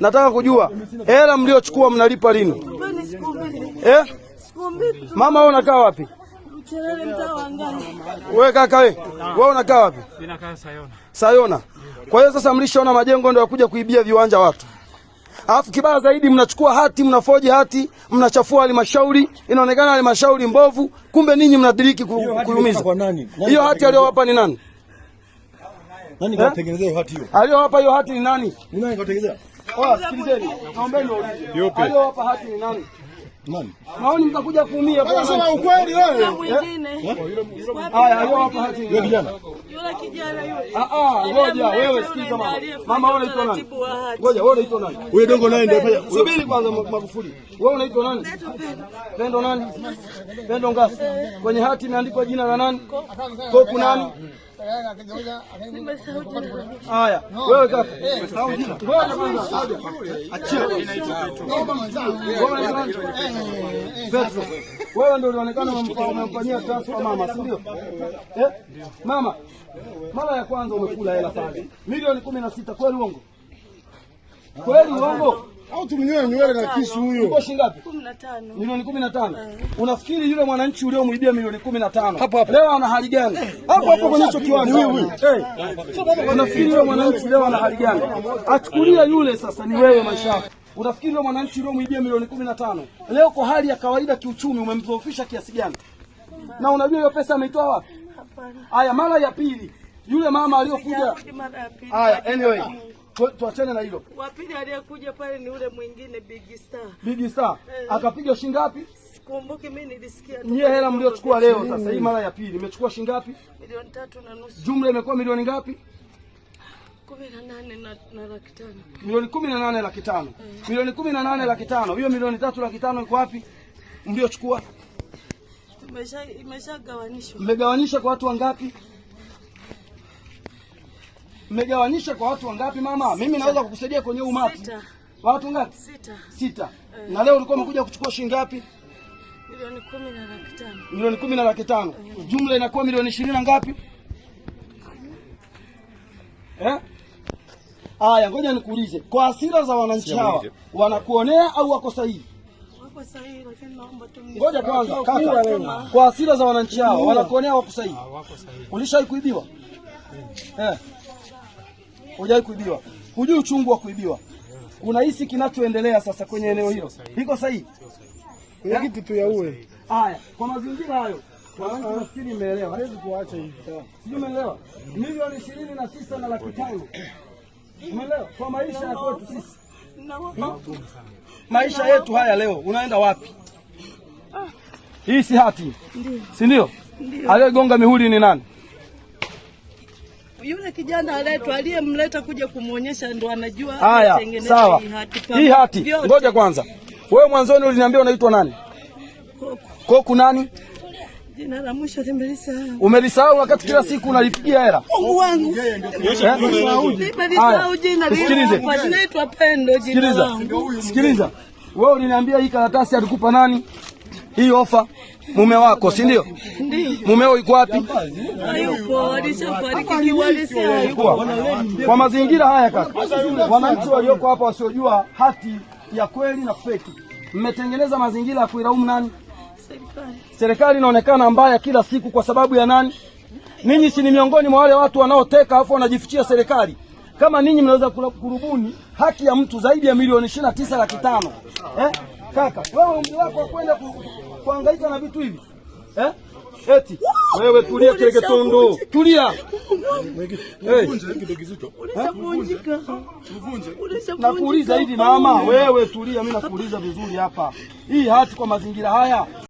nataka kujua hela mliochukua mnalipa lini eh? Mama wewe unakaa wapi? Wewe kaka we, wewe unakaa wapi? Sayona. Sayona. Kwa hiyo sasa mlishaona majengo ndio yakuja kuibia viwanja watu. Alafu kibaya zaidi mnachukua hati, mnafoji hati, mnachafua halmashauri, inaonekana halmashauri mbovu, kumbe ninyi mnadiriki kuumiza. Hiyo hati aliyowapa ni nani? Nani eh? kawatengenezea hiyo hati hiyo? Aliyowapa hiyo hati ni nani? Ni nani kawatengenezea? Sikilizeni, naombeni waulize aliyowapa hati ni nani? Maoni mtakuja kuumia. Sema ukweli wewe. Eh? Haya, aliyowapa hati ni kijana. Yule kijana yule. Ah ah, ngoja wewe sikiza mama. Mama wewe unaitwa nani? Ngoja wewe unaitwa nani? Huyo dongo nani ndio fanya? Subiri kwanza Magufuli. Wewe unaitwa nani? Pendo nani? Pendo Ngasa. Kwenye hati imeandikwa jina la nani? Koku nani? Haya, wewe kaka, wewe ndio ulionekana umemfanyia transfer mama, si ndio? mama, mara ya kwanza umekula hela pale milioni kumi na sita, kweli uongo? Kweli uongo? au tumnyoe nywele na kisu huyo. Uko shilingi ngapi? 15. Milioni 15. Eh. Unafikiri yule mwananchi uliomwibia milioni 15 hapo hapo leo ana hali gani? Eh. Hapo hapo kwenye hicho kiwanja huyu eh. huyu. Unafikiri yule mwananchi leo ana hali gani? Achukulia yule sasa ni wewe maisha Unafikiri yule mwananchi uliomwibia milioni 15 leo kwa hali ya kawaida kiuchumi umemdhoofisha kiasi gani? Na unajua hiyo pesa ameitoa wapi? Hapana. Haya, mara ya pili yule mama aliyokuja. Haya, anyway tuachane na hilo. Wa pili aliyekuja pale ni ule mwingine Big Star. Big Star eh. akapiga shilingi ngapi? Sikumbuki mimi nilisikia tu. Nyie hela mliochukua leo sasa hii mm. mara ya pili nimechukua ngapi? Milioni tatu na nusu. Jumla imekuwa milioni ngapi? Kumi na nane Milioni kumi na nane laki tano. Eh. Milioni kumi na nane laki tano. Hiyo milioni tatu laki tano iko wapi? Mliochukua? Tumesha imeshagawanishwa. Mmegawanisha kwa watu wangapi? mmegawanyisha kwa watu wangapi mama? Sita. Mimi naweza kukusaidia kwenye umati. Sita. Watu ngapi? Sita. Sita. Uh, na leo ulikuwa umekuja kuchukua shilingi ngapi? Milioni kumi na laki tano. Milioni kumi na laki tano. Uh, jumla inakuwa milioni ishirini na ngapi? Eh? Aya, ngoja nikuulize. Kwa hasira za wananchi hawa wanakuonea au wako sahihi? Ngoja kwanza kaka, kwa hasira za wananchi hawa wanakuonea, wako sahihi? Ah, Ulishai kuibiwa? Hmm. Eh. Hujai kuibiwa, hujui uchungu wa kuibiwa. Unahisi kinachoendelea sasa kwenye eneo hilo iko sahihi? Kitu tu ya uwe haya kwa mazingira hayo nafikiri imeelewa. Hawezi kuacha hivi. Sijui umeelewa? Milioni ishirini na tisa na laki tano. Umeelewa? Kwa maisha ya kwetu sisi. Maisha yetu haya leo unaenda wapi? Ah. Hii si hati. Si ndio? Aliyegonga mihuri ni nani? yule kijana aletwa, aliyemleta kuja kumwonyesha ndo anajua. Haya, sawa, hii hati ngoja kwanza. Wewe mwanzoni uliniambia unaitwa nani? Koku. Koku nani? Jina la mwisho limelisahau. Umelisahau wakati kila siku unalipigia hela. Mungu wangu. Eh? Nimelisahau jina lile. Pendo jina langu. Sikiliza. Wewe uliniambia hii karatasi alikupa nani? Hii ofa mume wako, si ndio? Mumeo yuko wapi? Kwa mazingira haya kaka, wananchi walioko hapa wasiojua hati ya kweli na feki, mmetengeneza mazingira ya kuilaumu nani? Serikali inaonekana mbaya kila siku. Kwa sababu ya nani? Ninyi si ni miongoni mwa wale watu wanaoteka afu wanajifichia serikali? Kama ninyi mnaweza kurubuni haki ya mtu zaidi ya milioni ishirini na tisa laki tano eh? Kaka wewe, umri wako wa kwenda kuhangaika na vitu hivi eh? Eti wewe tulia, kile tulia. Eh? Nakuuliza hivi mama, wewe tulia, mimi nakuuliza vizuri hapa. Hii hati kwa mazingira haya